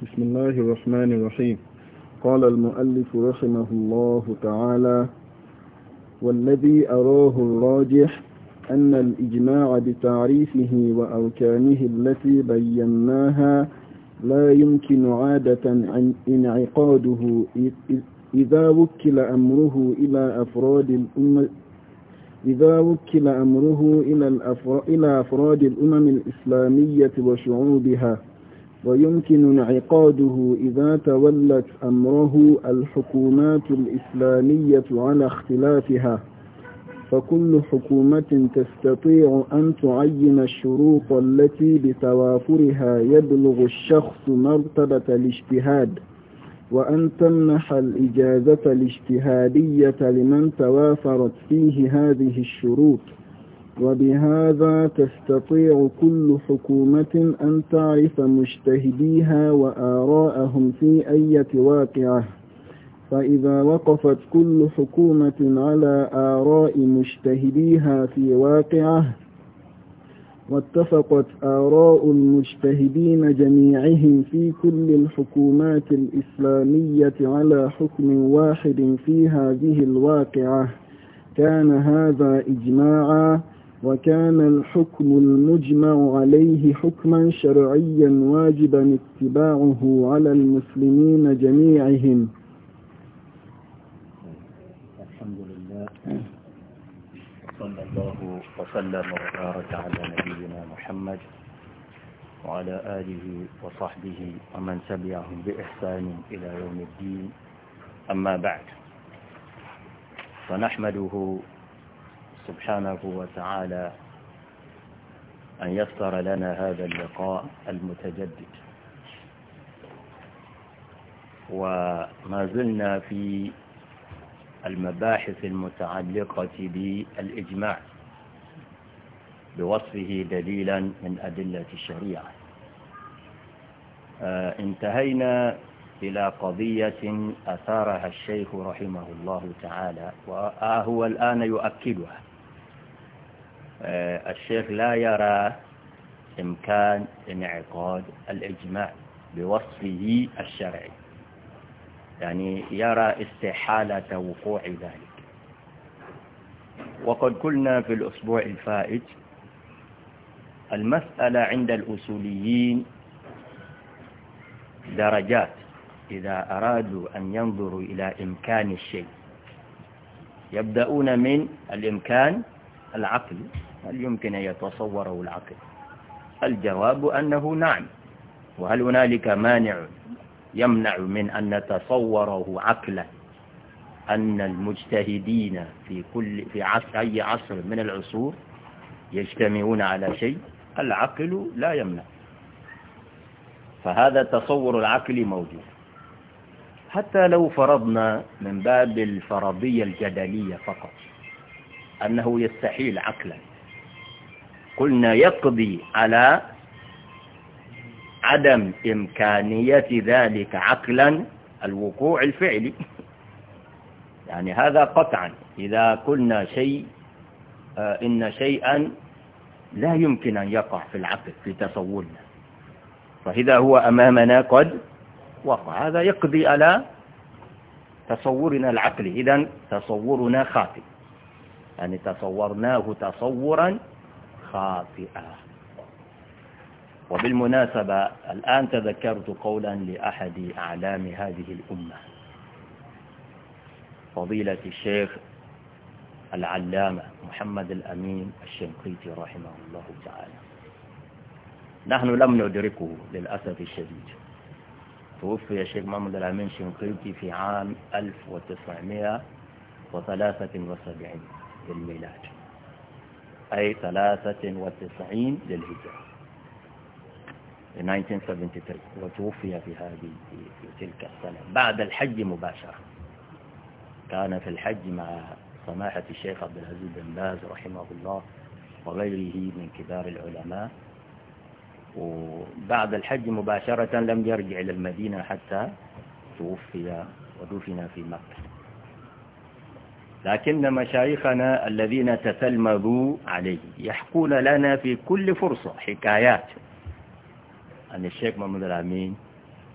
بسم الله الرحمن الرحيم قال المؤلف رحمه الله تعالى والذي أراه الراجح أن الإجماع بتعريفه وأركانه التي بيناها لا يمكن عادة انعقاده إذا وكل أمره إلى أفراد الأمة إذا وكل أمره إلى أفراد الأمم الإسلامية وشعوبها ويمكن انعقاده إذا تولت أمره الحكومات الإسلامية على اختلافها فكل حكومة تستطيع أن تعين الشروط التي بتوافرها يبلغ الشخص مرتبة الاجتهاد وأن تمنح الإجازة الاجتهادية لمن توافرت فيه هذه الشروط وبهذا تستطيع كل حكومة أن تعرف مجتهديها وآراءهم في أية واقعة فإذا وقفت كل حكومة على آراء مجتهديها في واقعه واتفقت آراء المجتهدين جميعهم في كل الحكومات الإسلامية على حكم واحد في هذه الواقعة كان هذا إجماعا وكان الحكم المجمع عليه حكما شرعيا واجبا اتباعه على المسلمين جميعهم الحمد لله صلى الله وسلم وبارك على نبينا محمد وعلى آله وصحبه ومن تبعهم بإحسان إلى يوم الدين أما بعد فنحمده سبحانه وتعالى أن يسر لنا هذا اللقاء المتجدد وما زلنا في المباحث المتعلقة بالإجماع بوصفه دليلا من أدلة الشريعة آه، انتهينا إلى قضية أثارها الشيخ رحمه الله تعالى وهو الآن يؤكدها آه، الشيخ لا يرى إمكان انعقاد الإجماع بوصفه الشرعي يعني يرى استحالة وقوع ذلك وقد قلنا في الأسبوع الفائت المسألة عند الأصوليين درجات إذا أرادوا أن ينظروا إلى إمكان الشيء يبدأون من الإمكان العقلي هل يمكن أن يتصوره العقل الجواب أنه نعم وهل هنالك مانع يمنع من أن نتصوره عقلا أن المجتهدين في كل في عصر أي عصر من العصور يجتمعون على شيء العقل لا يمنع فهذا التصور العقلي موجود حتى لو فرضنا من باب الفرضية الجدلية فقط أنه يستحيل عقلا قلنا يقضي على عدم إمكانية ذلك عقلا الوقوع الفعلي يعني هذا قطعا إذا قلنا شيء آه، إن شيئا لا يمكن أن يقع في العقل في تصورنا فإذا هو أمامنا قد وقع هذا يقضي على تصورنا العقلي إذا تصورنا خاطئ يعني تصورناه تصورا خاطئة وبالمناسبة الآن تذكرت قولا لأحد أعلام هذه الأمة فضيلة الشيخ العلامة محمد الأمين الشنقيطي رحمه الله تعالى نحن لم ندركه للأسف الشديد توفي الشيخ محمد الأمين الشنقيطي في عام 1973 للميلاد أي 93 للهجرة 1973 وتوفي في هذه في تلك السنة بعد الحج مباشرة كان في الحج مع سماحة الشيخ عبد العزيز بن باز رحمه الله وغيره من كبار العلماء وبعد الحج مباشرة لم يرجع إلى المدينة حتى توفي ودفن في مكة لكن مشايخنا الذين تتلمذوا عليه يحكون لنا في كل فرصة حكايات عن الشيخ محمد الأمين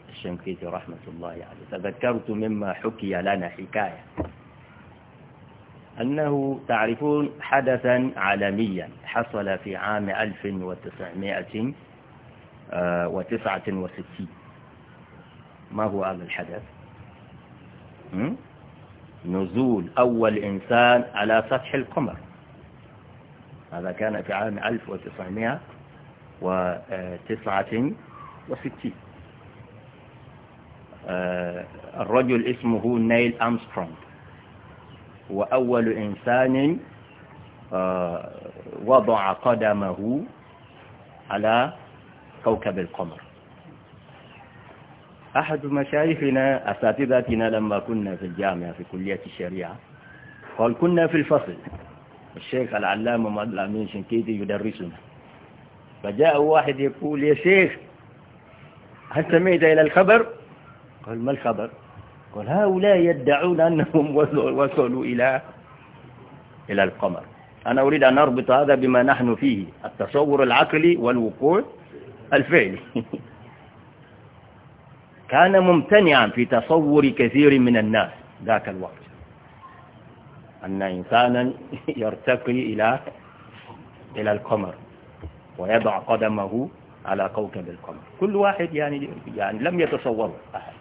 الشنقيطي رحمة الله عليه تذكرت مما حكي لنا حكاية أنه تعرفون حدثا عالميا حصل في عام 1969 ما هو هذا الحدث؟ نزول أول إنسان على سطح القمر هذا كان في عام 1969 آه، الرجل اسمه نيل أمسترونغ هو أول إنسان آه، وضع قدمه على كوكب القمر أحد مشايخنا أساتذتنا لما كنا في الجامعة في كلية الشريعة قال كنا في الفصل الشيخ العلامة مال أمين شنكيتي يدرسنا فجاء واحد يقول يا شيخ هل سمعت إلى الخبر قال ما الخبر قال هؤلاء يدعون أنهم وصلوا إلى إلى القمر أنا أريد أن أربط هذا بما نحن فيه التصور العقلي والوقوع الفعلي كان ممتنعا في تصور كثير من الناس ذاك الوقت أن إنسانا يرتقي إلى إلى القمر ويضع قدمه على كوكب القمر كل واحد يعني يعني لم يتصور أحد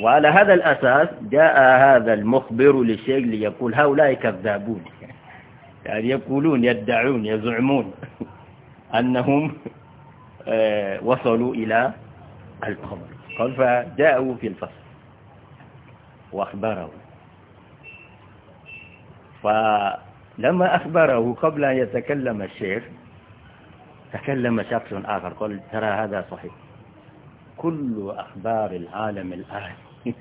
وعلى هذا الأساس جاء هذا المخبر للشيخ ليقول هؤلاء كذابون يعني يقولون يدعون يزعمون أنهم آه، وصلوا إلى القبر قال فجاءوا في الفصل وأخبره فلما أخبره قبل أن يتكلم الشيخ تكلم شخص آخر قال ترى هذا صحيح كل أخبار العالم الآن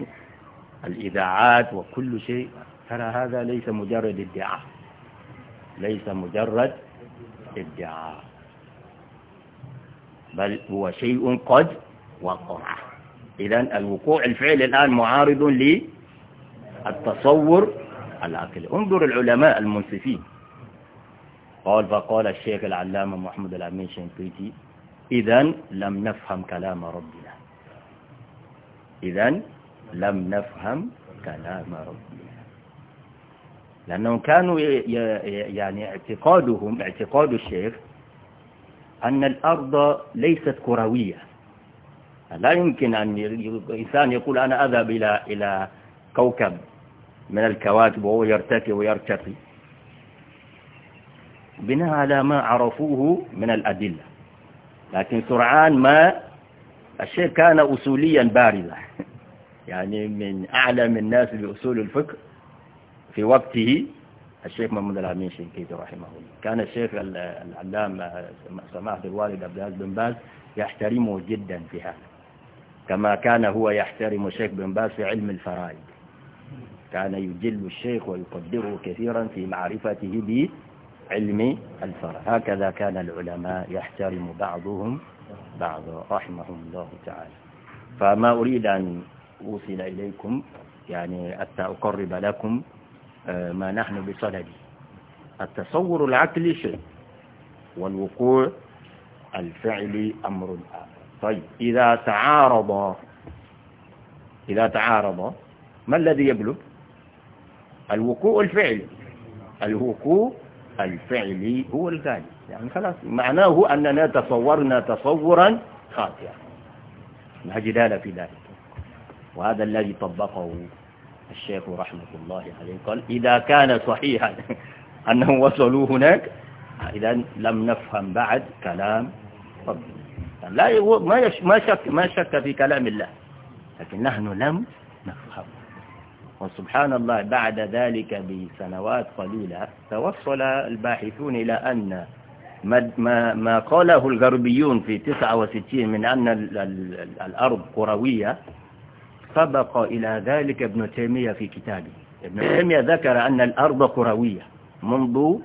الإذاعات وكل شيء ترى هذا ليس مجرد ادعاء ليس مجرد ادعاء بل هو شيء قد وقع إذا الوقوع الفعلي الآن معارض للتصور العقلي انظر العلماء المنصفين قال فقال الشيخ العلامة محمد الأمين شنقيتي إذا لم نفهم كلام ربنا إذا لم نفهم كلام ربنا لأنهم كانوا يعني اعتقادهم اعتقاد الشيخ أن الأرض ليست كروية لا يمكن أن الإنسان يقول أنا أذهب إلى إلى كوكب من الكواكب وهو يرتقي ويرتقي بناء على ما عرفوه من الأدلة لكن سرعان ما الشيء كان أصوليا بارزا يعني من أعلم الناس بأصول الفكر في وقته الشيخ محمد الأمين شنكيتي رحمه الله كان الشيخ العلام سماحة الوالد عبد العزيز بن باز يحترمه جدا في هذا كما كان هو يحترم الشيخ بن باز في علم الفرائض كان يجل الشيخ ويقدره كثيرا في معرفته بعلم الفرائض هكذا كان العلماء يحترم بعضهم بعضا رحمهم الله تعالى فما أريد أن أوصل إليكم يعني حتى أقرب لكم آه، ما نحن بصدده التصور العقلي شيء والوقوع الفعلي أمر آخر طيب إذا تعارض إذا تعارض ما الذي يبلغ الوقوع الفعلي الوقوع الفعلي هو الغالي يعني خلاص معناه أننا تصورنا تصورا خاطئا ما جدال في ذلك وهذا الذي طبقه الشيخ رحمة الله عليه قال إذا كان صحيحا أنهم وصلوا هناك إذا لم نفهم بعد كلام ربنا لا ما ما شك ما شك في كلام الله لكن نحن لم نفهم وسبحان الله بعد ذلك بسنوات قليلة توصل الباحثون إلى أن ما ما قاله الغربيون في 69 من أن الأرض كروية سبق إلى ذلك ابن تيمية في كتابه ابن تيمية ذكر أن الأرض كروية منذ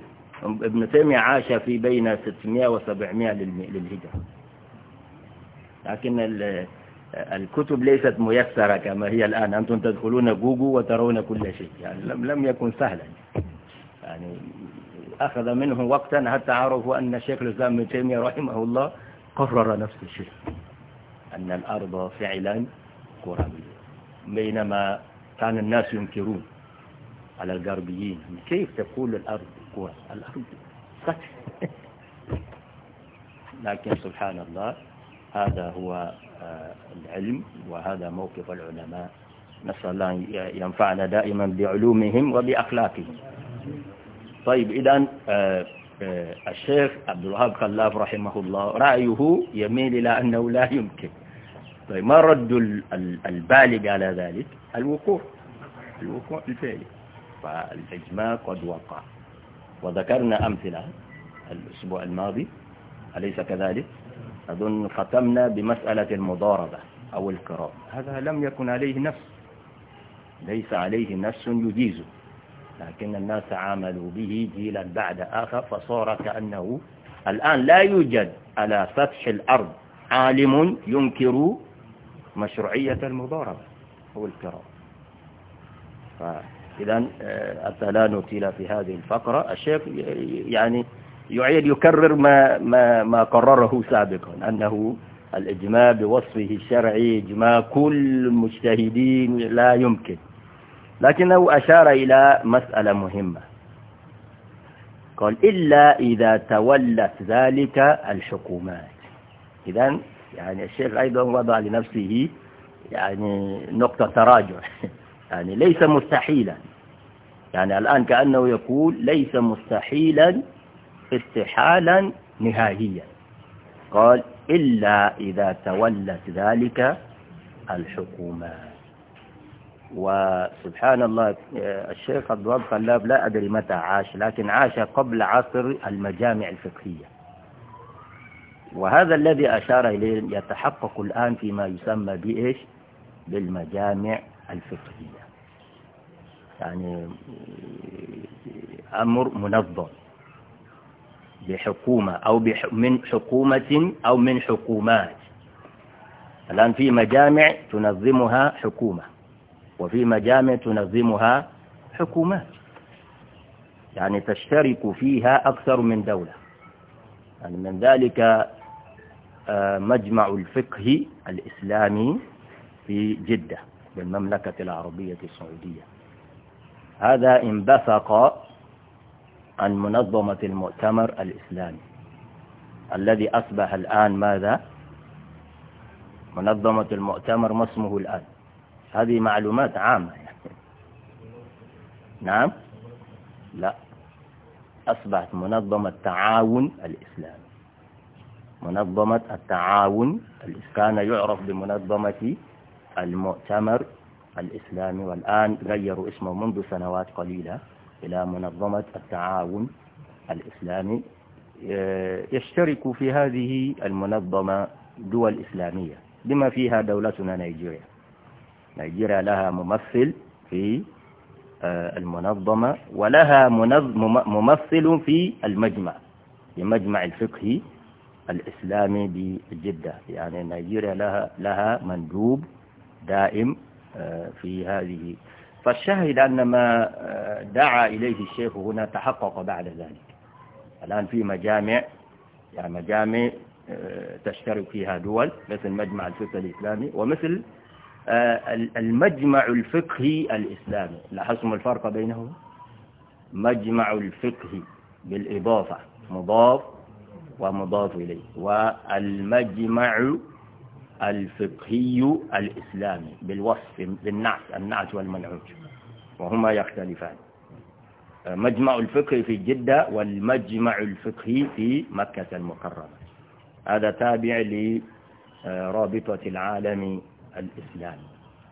ابن تيمية عاش في بين 600 و 700 للهجرة لكن الكتب ليست ميسرة كما هي الآن أنتم تدخلون جوجو وترون كل شيء يعني لم لم يكن سهلا يعني أخذ منه وقتا حتى عرفوا أن الشيخ الإسلام ابن تيمية رحمه الله قرر نفس الشيء أن الأرض فعلا كروية بينما كان الناس ينكرون على الغربيين كيف تقول الأرض كرة الأرض سطح لكن سبحان الله هذا هو آه، العلم وهذا موقف العلماء نسأل الله أن ينفعنا دائما بعلومهم وبأخلاقهم طيب إذا آه، آه، الشيخ عبد الوهاب خلاف رحمه الله رأيه يميل إلى أنه لا يمكن طيب ما رد البالغ على ذلك الوقوع الوقوع الفعلي فالإجماع قد وقع وذكرنا أمثلة الأسبوع الماضي أليس كذلك أظن ختمنا بمسألة المضاربة أو الكرام هذا لم يكن عليه نفس ليس عليه نفس يجيزه لكن الناس عاملوا به جيلا بعد آخر فصار كأنه الآن لا يوجد على سطح الأرض عالم ينكر مشروعية المضاربة أو القراءة فإذا آه، حتى لا نطيل في هذه الفقرة الشيخ يعني يعيد يكرر ما, ما, ما قرره سابقا أنه الإجماع بوصفه الشرعي إجماع كل المجتهدين لا يمكن لكنه أشار إلى مسألة مهمة قال إلا إذا تولت ذلك الحكومات إذا يعني الشيخ أيضا وضع لنفسه يعني نقطة تراجع يعني ليس مستحيلا يعني الآن كأنه يقول ليس مستحيلا استحالا نهائيا قال إلا إذا تولت ذلك الحكومة وسبحان الله الشيخ عبد الوهاب خلاب لا أدري متى عاش لكن عاش قبل عصر المجامع الفقهية وهذا الذي أشار إليه يتحقق الآن فيما يسمى بإيش بالمجامع الفقهية يعني أمر منظم بحكومة أو من حكومة أو من حكومات الآن في مجامع تنظمها حكومة وفي مجامع تنظمها حكومات يعني تشترك فيها أكثر من دولة يعني من ذلك آه، مجمع الفقه الإسلامي في جدة بالمملكة العربية السعودية هذا انبثق عن منظمة المؤتمر الإسلامي الذي أصبح الآن ماذا؟ منظمة المؤتمر ما اسمه الآن هذه معلومات عامة يعني. نعم لا أصبحت منظمة تعاون الإسلامي منظمة التعاون كان يعرف بمنظمة المؤتمر الإسلامي والآن غيروا اسمه منذ سنوات قليلة إلى منظمة التعاون الإسلامي آه، يشترك في هذه المنظمة دول إسلامية بما فيها دولتنا نيجيريا نيجيريا لها ممثل في آه، المنظمة ولها ممثل في المجمع في المجمع الفقهي الإسلامي بجدة يعني نيجيريا لها, لها مندوب دائم آه، في هذه فالشاهد أن ما آه، دعا إليه الشيخ هنا تحقق بعد ذلك الآن في مجامع يعني مجامع آه، تشترك فيها دول مثل مجمع الفقه الإسلامي ومثل المجمع الفقهي الإسلامي لاحظتم الفرق بينهما مجمع الفقه بالإضافة مضاف ومضاف إليه والمجمع الفقهي الإسلامي بالوصف بالنعت النعت والمنعوت وهما يختلفان مجمع الفقه في جدة والمجمع الفقهي في مكة المكرمة هذا تابع لرابطة العالم الإسلامي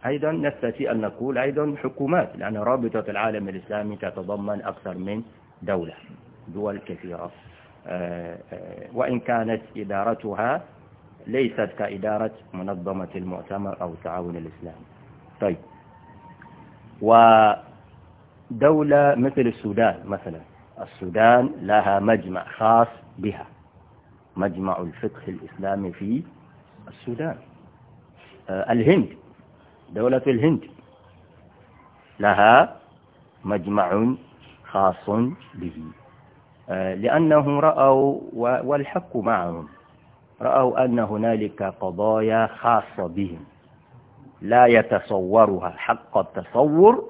أيضا نستطيع أن نقول أيضا حكومات لأن رابطة العالم الإسلامي تتضمن أكثر من دولة دول كثيرة آه، آه، وإن كانت إدارتها ليست كإدارة منظمة المؤتمر أو التعاون الإسلامي طيب ودولة مثل السودان مثلا السودان لها مجمع خاص بها مجمع الفقه الإسلامي في السودان آه، الهند دولة الهند لها مجمع خاص به لأنهم رأوا والحق معهم رأوا أن هنالك قضايا خاصة بهم لا يتصورها حق التصور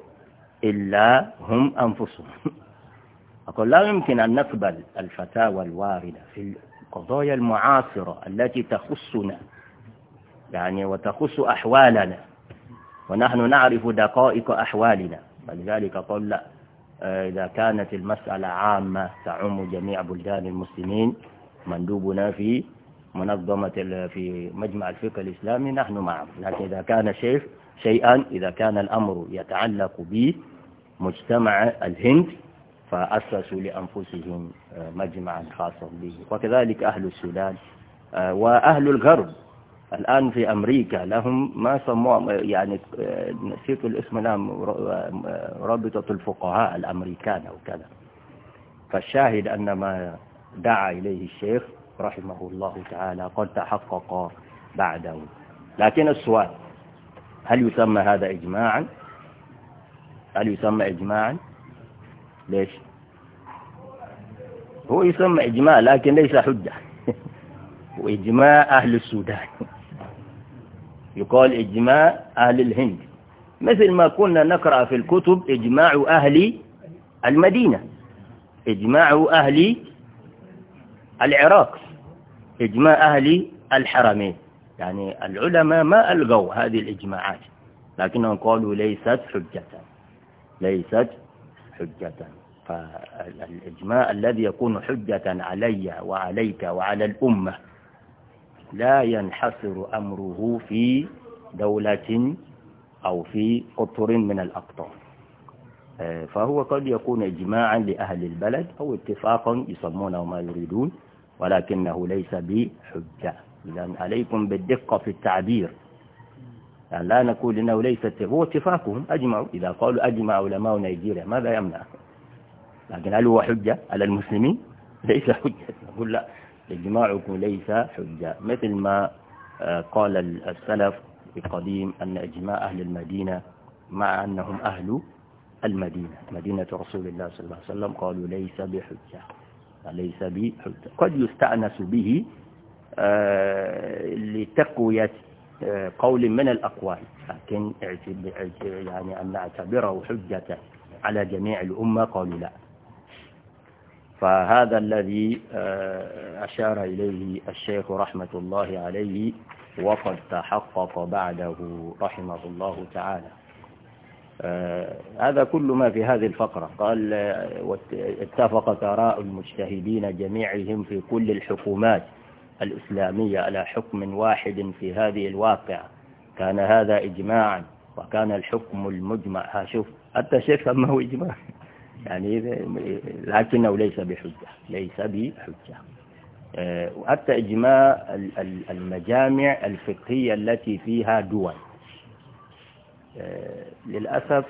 إلا هم أنفسهم أقول لا يمكن أن نقبل الفتاوى الواردة في القضايا المعاصرة التي تخصنا يعني وتخص أحوالنا ونحن نعرف دقائق أحوالنا ولذلك قال لا آه، إذا كانت المسألة عامة تعم جميع بلدان المسلمين مندوبنا في منظمة في مجمع الفقه الإسلامي نحن معه لكن إذا كان شيء شيئا إذا كان الأمر يتعلق بمجتمع الهند فأسسوا لأنفسهم آه، مجمعا خاصا به وكذلك أهل السودان آه، وأهل الغرب الآن في أمريكا لهم ما سموه يعني نسيت الاسم الآن نعم، رابطة الفقهاء الأمريكان أو كذا فالشاهد أن ما دعا إليه الشيخ رحمه الله تعالى قد تحقق بعده لكن السؤال هل يسمى هذا إجماعا هل يسمى إجماعا ليش هو يسمى إجماع لكن ليس حجة وإجماع أهل السودان يقال إجماع أهل الهند مثل ما كنا نقرأ في الكتب إجماع أهل المدينة إجماع أهل العراق إجماع أهل الحرمين يعني العلماء ما ألغوا هذه الإجماعات لكنهم قالوا ليست حجة ليست حجة فالإجماع الذي يكون حجة علي وعليك وعلى الأمة لا ينحصر أمره في دولة أو في قطر من الأقطار آه، فهو قد يكون إجماعا لأهل البلد أو اتفاقا يسمونه ما يريدون ولكنه ليس بحجة إذا عليكم بالدقة في التعبير يعني لا نقول إنه ليس هو اتفاقهم أجمعوا إذا قالوا أجمع علماء نيجيريا ماذا يمنع لكن هل هو حجة على المسلمين ليس حجة نقول لا إجماعكم ليس حجة مثل ما آه، قال السلف القديم أن إجماع أهل المدينة مع أنهم أهل المدينة مدينة رسول الله صلى الله عليه وسلم قالوا ليس بحجة ليس بحجة قد يستأنس به آه، لتقوية آه، قول من الأقوال لكن يعني أن نعتبره حجة على جميع الأمة قالوا لا فهذا الذي آه، أشار إليه الشيخ رحمة الله عليه وقد تحقق بعده رحمه الله تعالى آه، هذا كل ما في هذه الفقرة قال آه، اتفق تراء المجتهدين جميعهم في كل الحكومات الإسلامية على حكم واحد في هذه الواقعة كان هذا إجماعا وكان الحكم المجمع ها شوف حتى شيخ سماه إجماع يعني لكنه ليس بحجة ليس بحجة آه، وحتى إجماع المجامع الفقهية التي فيها دول آه، للأسف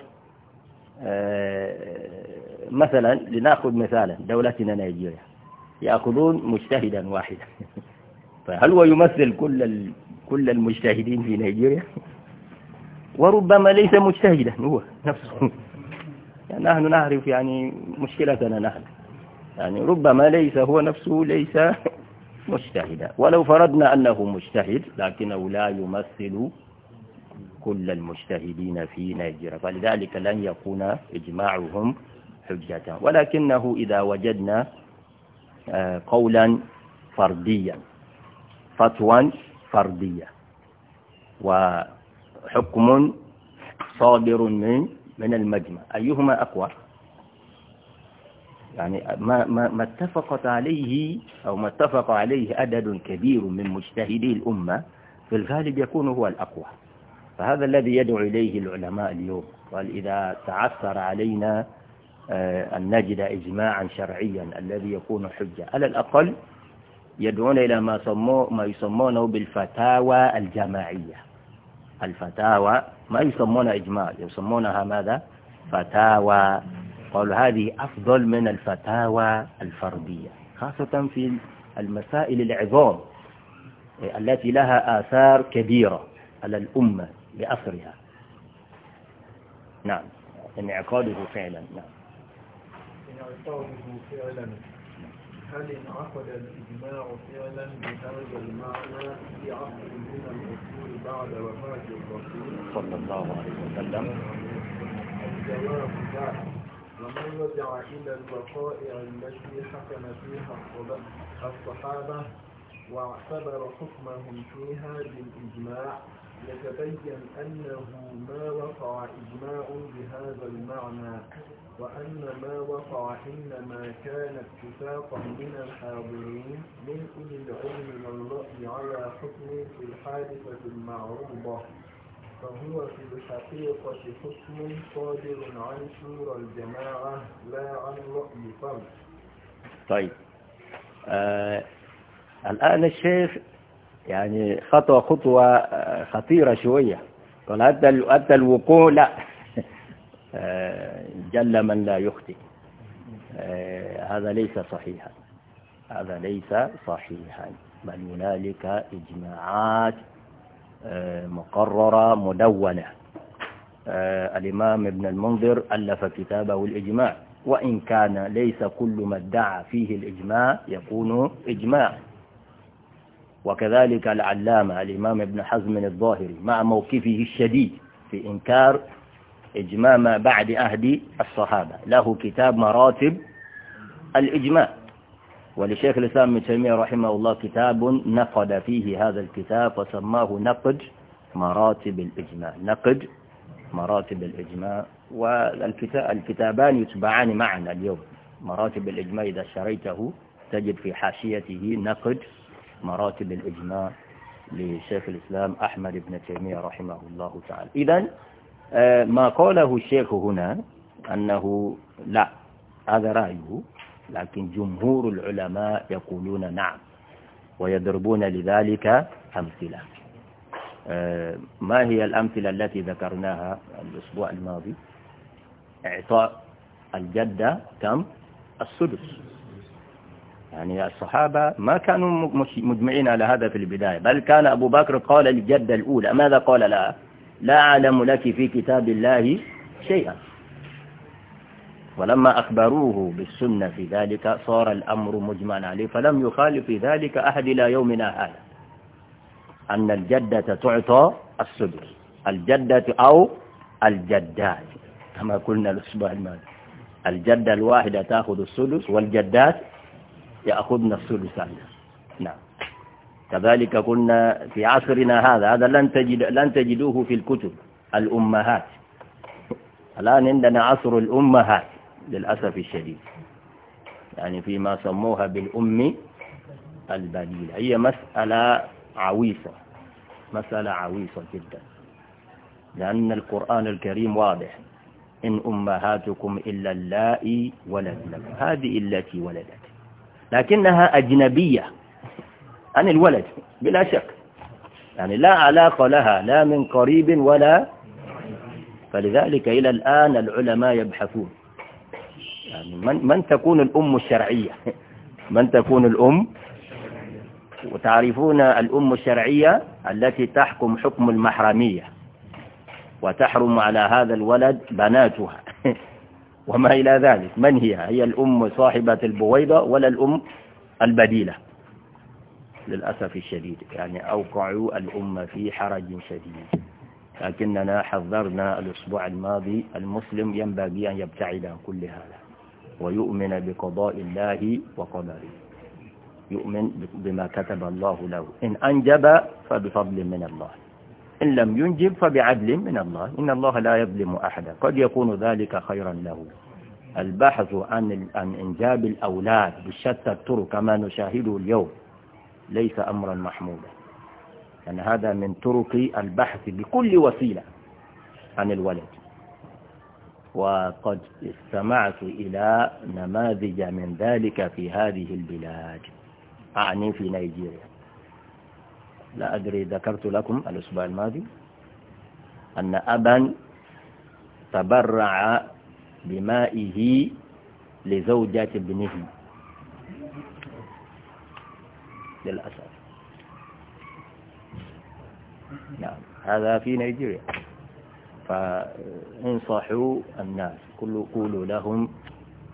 آه، مثلا لنأخذ مثالا دولتنا نيجيريا يأخذون مجتهدا واحدا فهل هو يمثل كل كل المجتهدين في نيجيريا وربما ليس مجتهدا هو نفسه نحن نعرف يعني مشكلتنا نحن يعني ربما ليس هو نفسه ليس مجتهدا ولو فرضنا أنه مجتهد لكنه لا يمثل كل المجتهدين في نيجيريا فلذلك لن يكون إجماعهم حجة ولكنه إذا وجدنا آه، قولا فرديا فتوى فردية وحكم صادر من من المجمع أيهما أقوى يعني ما, ما, ما اتفقت عليه أو ما اتفق عليه عدد كبير من مجتهدي الأمة في الغالب يكون هو الأقوى فهذا الذي يدعو إليه العلماء اليوم قال إذا تعثر علينا آه، أن نجد إجماعا شرعيا الذي يكون حجة على الأقل يدعون إلى ما, ما يسمونه بالفتاوى الجماعية الفتاوى ما يسمون إجماع يسمونها ماذا فتاوى قالوا هذه أفضل من الفتاوى الفردية خاصة في المسائل العظام التي لها آثار كبيرة على الأمة بأثرها نعم انعقاده فعلا نعم انعقاده فعلا هل انعقد الإجماع فعلا بهذا المعنى في عصر من الأصول بعد وفاة الرسول صلى الله عليه وسلم الجواب لا ومن رجع إلى الوقائع التي حكم فيها الصحابة واعتبر حكمهم فيها بالإجماع يتبين أنه ما وقع إجماع بهذا المعنى وأن ما وقع إنما كان اتفاقا من الحاضرين من أولي العلم والرأي على حكم في الحادثة المعروضة فهو في الحقيقة حكم صادر عن شورى الجماعة لا عن رأي فرد. طيب. آه الآن الشيخ يعني خطوة خطوة آه، خطيرة شوية قال أدى الوقوع لا آه، جل من لا يخطئ آه، هذا ليس صحيحا هذا ليس صحيحا بل هنالك إجماعات مقررة مدونة الإمام ابن المنذر ألف كتابه الإجماع وإن كان ليس كل ما ادعى فيه الإجماع يكون إجماعا وكذلك العلامة الإمام ابن حزم الظاهري مع موقفه الشديد في إنكار إجماع ما بعد أهدي الصحابة له كتاب مراتب الإجماع ولشيخ الإسلام ابن تيمية رحمه الله كتاب نقد فيه هذا الكتاب وسماه نقد مراتب الإجماع نقد مراتب الإجماع والكتابان يتبعان معنا اليوم مراتب الإجماع إذا شريته تجد في حاشيته نقد مراتب الإجماع لشيخ الإسلام أحمد بن تيمية رحمه الله تعالى إذا آه، ما قاله الشيخ هنا أنه لا هذا رأيه لكن جمهور العلماء يقولون نعم ويضربون لذلك أمثلة آه، ما هي الأمثلة التي ذكرناها الأسبوع الماضي إعطاء الجدة كم السدس يعني الصحابة ما كانوا مجمعين على هذا في البداية بل كان أبو بكر قال الجدة الأولى ماذا قال لها لا أعلم لك في كتاب الله شيئا ولما أخبروه بالسنة في ذلك صار الأمر مجمعا عليه فلم يخالف في ذلك أحد إلى يومنا هذا أن الجدة تعطى السدس الجدة أو الجدات كما قلنا الأسبوع الماضي الجدة الواحدة تأخذ السدس والجدات يأخذن الثلثان نعم كذلك كنا في عصرنا هذا هذا لن تجد لن تجدوه في الكتب الأمهات الآن عندنا عصر الأمهات للأسف الشديد يعني فيما سموها بالأم البديلة هي مسألة عويصة مسألة عويصة جدا لأن القرآن الكريم واضح إن أمهاتكم إلا اللائي ولدنا هذه التي ولدت لكنها أجنبية عن الولد بلا شك يعني لا علاقة لها لا من قريب ولا فلذلك إلى الآن العلماء يبحثون يعني من, من تكون الأم الشرعية من تكون الأم وتعرفون الأم الشرعية التي تحكم حكم المحرمية وتحرم على هذا الولد بناتها وما إلى ذلك من هي هي الأم صاحبة البويضة ولا الأم البديلة للأسف الشديد يعني أوقعوا الأمة في حرج شديد لكننا حذرنا الأسبوع الماضي المسلم ينبغي أن يبتعد عن كل هذا ويؤمن بقضاء الله وقدره يؤمن بما كتب الله له إن أنجب فبفضل من الله إن لم ينجب فبعدل من الله إن الله لا يظلم أحدا قد يكون ذلك خيرا له البحث عن عن إنجاب الأولاد بشتى الطرق كما نشاهده اليوم ليس أمرا محمودا يعني هذا من طرق البحث بكل وسيلة عن الولد وقد استمعت إلى نماذج من ذلك في هذه البلاد أعني في نيجيريا لا أدري ذكرت لكم الأسبوع الماضي أن أبا تبرع بمائه لزوجة ابنه للأسف نعم هذا في نيجيريا فانصحوا الناس كل قولوا لهم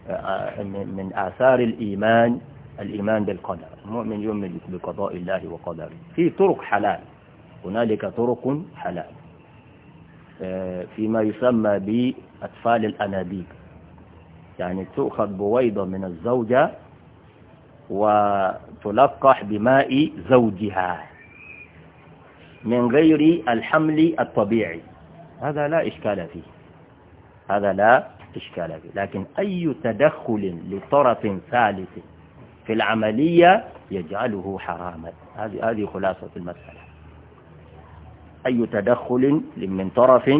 آه، من آثار الإيمان الإيمان بالقدر المؤمن يؤمن بقضاء الله وقدره في طرق حلال هنالك طرق حلال آه، فيما يسمى بأطفال الأنابيب يعني تؤخذ بويضة من الزوجة وتلقح بماء زوجها من غير الحمل الطبيعي هذا لا إشكال فيه هذا لا إشكال فيه لكن أي تدخل لطرف ثالث في العملية يجعله حراما هذه هذه خلاصة المسألة أي تدخل من طرف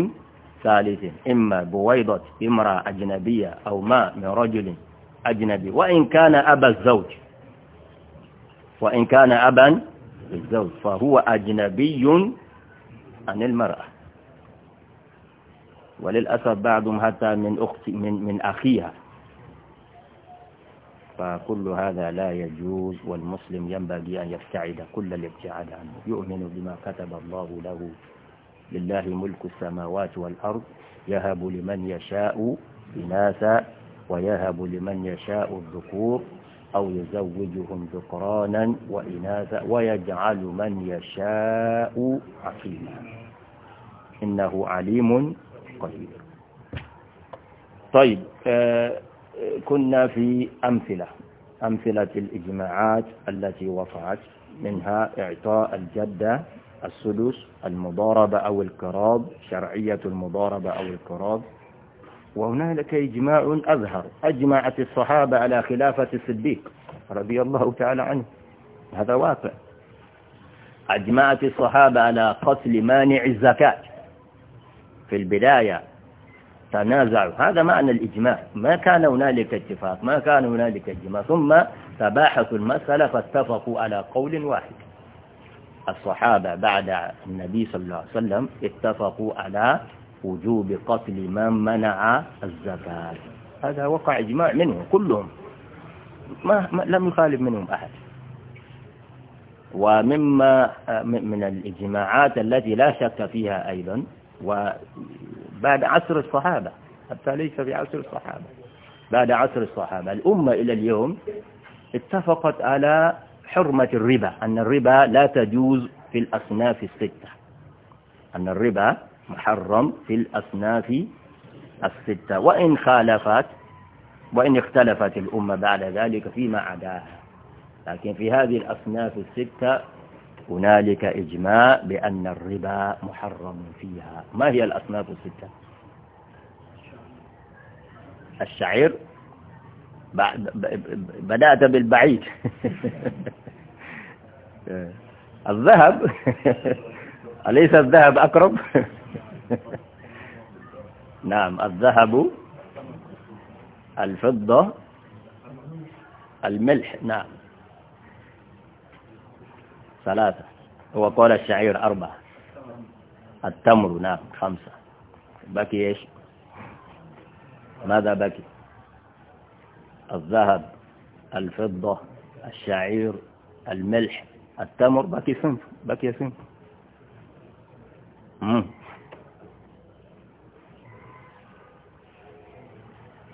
ثالث إما بويضة امرأة أجنبية أو ما من رجل أجنبي وإن كان أبا الزوج وإن كان أبا الزوج فهو أجنبي عن المرأة وللأسف بعضهم حتى من أخت من من أخيها فكل هذا لا يجوز والمسلم ينبغي أن يبتعد كل الابتعاد عنه يؤمن بما كتب الله له لله ملك السماوات والأرض يهب لمن يشاء إناثا ويهب لمن يشاء الذكور أو يزوجهم ذكرانا وإناثا ويجعل من يشاء عقيما إنه عليم قدير طيب آه كنا في أمثلة أمثلة الإجماعات التي وقعت منها إعطاء الجدة السدس المضاربة أو القراب شرعية المضاربة أو القراب وهنالك إجماع أظهر أجمعت الصحابة على خلافة الصديق رضي الله تعالى عنه هذا واقع أجمعت الصحابة على قتل مانع الزكاة في البداية تنازعوا هذا معنى الإجماع ما كان هنالك اتفاق ما كان هنالك اجماع ثم تباحثوا المسألة فاتفقوا على قول واحد الصحابة بعد النبي صلى الله عليه وسلم اتفقوا على وجوب قتل من منع الزكاة هذا وقع إجماع منهم كلهم ما, ما لم يخالف منهم أحد ومما من الإجماعات التي لا شك فيها أيضا و بعد عصر الصحابة حتى ليس بعصر الصحابة بعد عصر الصحابة الأمة إلى اليوم اتفقت على حرمة الربا أن الربا لا تجوز في الأصناف الستة أن الربا محرم في الأصناف الستة وإن خالفت وإن اختلفت الأمة بعد ذلك فيما عداها لكن في هذه الأصناف الستة هنالك إجماع بأن الربا محرم فيها ما هي الأصناف الستة الشعير بدأت بالبعيد الذهب أليس الذهب أقرب نعم الذهب الفضة الملح نعم ثلاثة هو قال الشعير أربعة التمر نعم خمسة بكي إيش ماذا بكي الذهب الفضة الشعير الملح التمر بكي صنف بكي صنف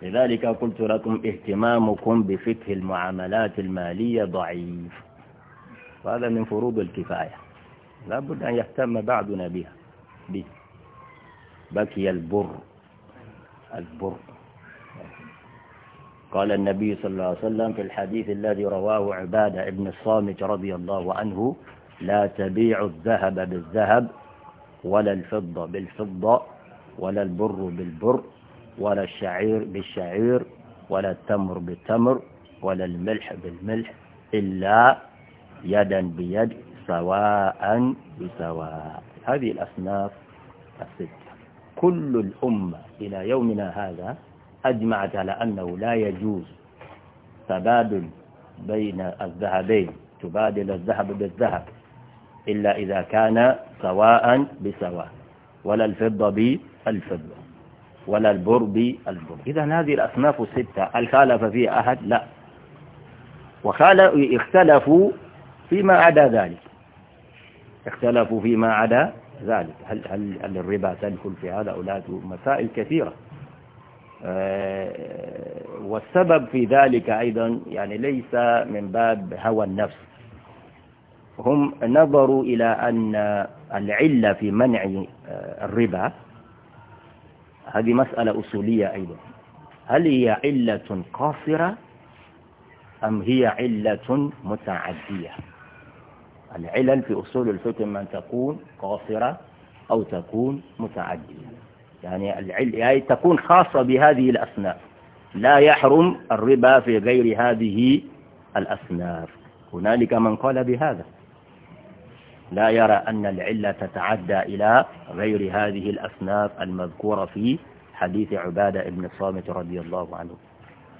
لذلك قلت لكم اهتمامكم بفقه المعاملات المالية ضعيف وهذا من فروض الكفاية لا بد أن يهتم بعدنا بها به بكي البر البر قال النبي صلى الله عليه وسلم في الحديث الذي رواه عبادة ابن الصامت رضي الله عنه لا تبيع الذهب بالذهب ولا الفضة بالفضة ولا البر بالبر ولا الشعير بالشعير ولا التمر بالتمر ولا الملح بالملح إلا يدا بيد سواء بسواء هذه الأصناف الستة كل الأمة إلى يومنا هذا أجمعت على أنه لا يجوز تبادل بين الذهبين تبادل الذهب بالذهب إلا إذا كان سواء بسواء ولا الفضة بالفضة ولا البر بالبر إذا هذه الأصناف الستة هل خالف فيها أحد لا وخالفوا اختلفوا فيما عدا ذلك اختلفوا فيما عدا ذلك هل, هل, هل الربا تدخل في هذا أو لا مسائل كثيرة آه، والسبب في ذلك أيضا يعني ليس من باب هوى النفس هم نظروا إلى أن العلة في منع آه، الربا هذه مسألة أصولية أيضا هل هي علة قاصرة أم هي علة متعدية العلل في أصول الفقه من تكون قاصرة أو تكون متعدية يعني العل يعني تكون خاصة بهذه الأصناف لا يحرم الربا في غير هذه الأصناف هنالك من قال بهذا لا يرى أن العلة تتعدى إلى غير هذه الأصناف المذكورة في حديث عبادة بن الصامت رضي الله عنه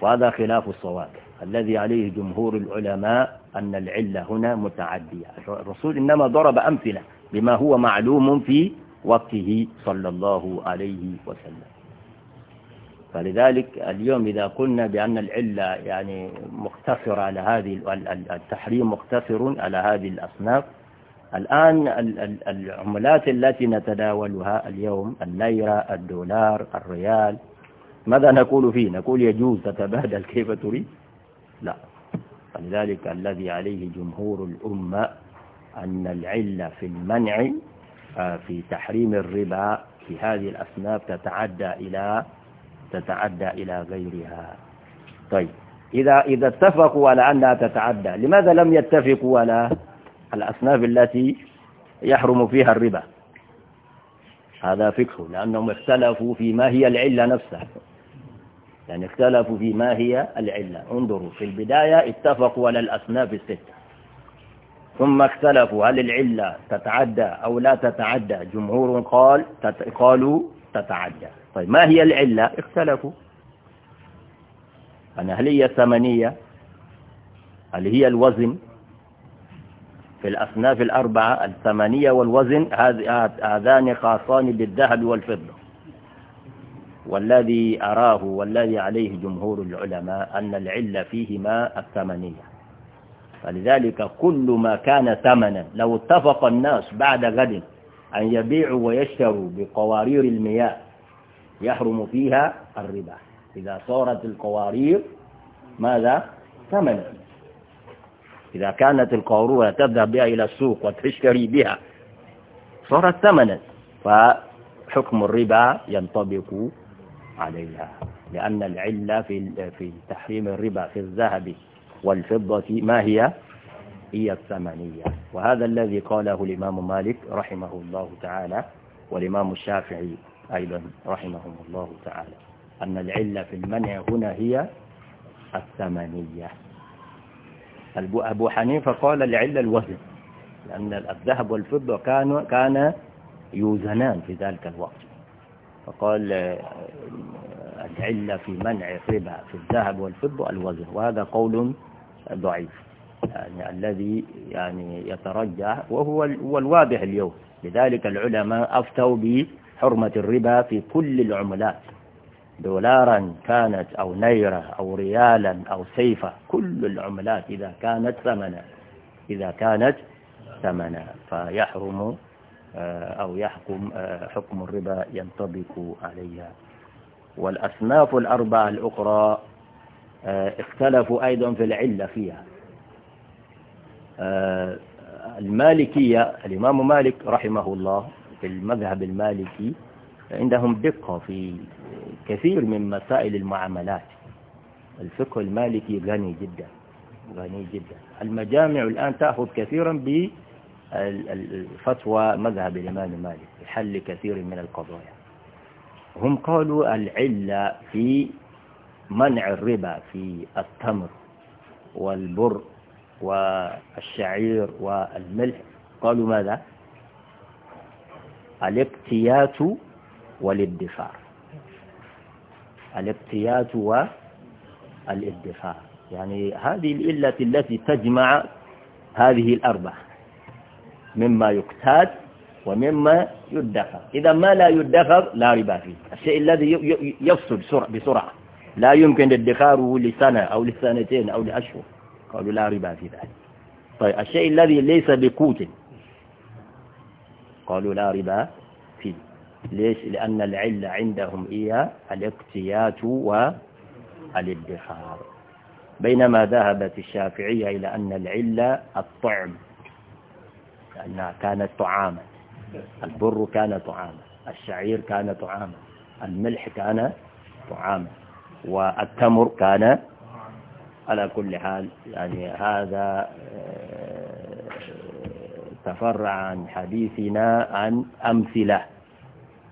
وهذا خلاف الصواب الذي عليه جمهور العلماء أن العلة هنا متعدية الرسول إنما ضرب أمثلة بما هو معلوم في وقته صلى الله عليه وسلم فلذلك اليوم إذا قلنا بأن العلة يعني مقتصرة على هذه التحريم مقتصر على هذه الأصناف الآن العملات التي نتداولها اليوم الليرة الدولار الريال ماذا نقول فيه نقول يجوز تتبادل كيف تريد لا فلذلك الذي عليه جمهور الأمة أن العلة في المنع آه، في تحريم الربا في هذه الأصناف تتعدى إلى تتعدى إلى غيرها طيب إذا إذا اتفقوا على أنها تتعدى لماذا لم يتفقوا على الأصناف التي يحرم فيها الربا هذا فقه لأنهم اختلفوا في ما هي العلة نفسها يعني اختلفوا في ما هي العلة انظروا في البداية اتفقوا على الأصناف الستة ثم اختلفوا هل العلة تتعدى أو لا تتعدى جمهور قال تت... قالوا تتعدى طيب ما هي العلة اختلفوا يعني هل هي الثمنية هل هي الوزن في الأصناف الأربعة الثمانية والوزن هذان خاصان بالذهب والفضة والذي أراه والذي عليه جمهور العلماء أن العلة فيهما الثمنية فلذلك كل ما كان ثمنا لو اتفق الناس بعد غد أن يبيعوا ويشتروا بقوارير المياه يحرم فيها الربا إذا صارت القوارير ماذا؟ ثمنا إذا كانت القارورة تذهب بها إلى السوق وتشتري بها صارت ثمنا فحكم الربا ينطبق عليها لأن العلة في في تحريم الربا في الذهب والفضة ما هي هي الثمنية وهذا الذي قاله الإمام مالك رحمه الله تعالى والإمام الشافعي أيضا رحمهم الله تعالى أن العلة في المنع هنا هي الثمنية أبو حنيفة قال العلة الوزن لأن الذهب والفضة كان كان يوزنان في ذلك الوقت فقال العلة في منع الربا في الذهب والفضة الوزن وهذا قول ضعيف يعني الذي يعني يترجح وهو الواضح اليوم لذلك العلماء أفتوا بحرمة الربا في كل العملات دولارا كانت أو نيرة أو ريالا أو سيفة كل العملات إذا كانت ثمنا إذا كانت ثمنا فيحرم آه، أو يحكم آه، حكم الربا ينطبق عليها والأصناف الأربعة الأخرى آه، اختلفوا أيضا في العلة فيها المالكية الإمام مالك رحمه الله في المذهب المالكي عندهم دقة في كثير من مسائل المعاملات الفقه المالكي غني جدا غني جدا المجامع الآن تأخذ كثيرا ب الفتوى مذهب الإمام مالك لحل كثير من القضايا هم قالوا العلة في منع الربا في التمر والبر والشعير والملح قالوا ماذا الابتيات والادفار الابتيات والادفار يعني هذه الإلة التي تجمع هذه الأربعة مما يقتات ومما يدخر إذا ما لا يدخر لا ربا فيه الشيء الذي يفسد بسرعة لا يمكن ادخاره لسنة أو لسنتين أو لأشهر قالوا لا ربا في ذلك طيب الشيء الذي ليس بقوت قالوا لا ربا فيه ليش لأن العلة عندهم هي الاقتيات والادخار بينما ذهبت الشافعية إلى أن العلة الطعم لأنها كانت طعاما البر كان طعاما الشعير كان طعاما الملح كان طعاما والتمر كان على كل حال يعني هذا آه، تفرع عن حديثنا عن أمثلة